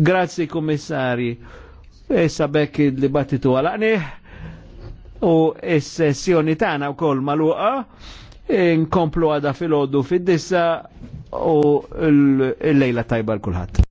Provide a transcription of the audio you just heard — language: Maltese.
Grazzi kommissari. E sabek il-dibattitu għalani. u s-sessjoni u wkoll maluqa nkomplu għada fil-ħoddu fil dissa u l-lejla tajba l-kulħadd.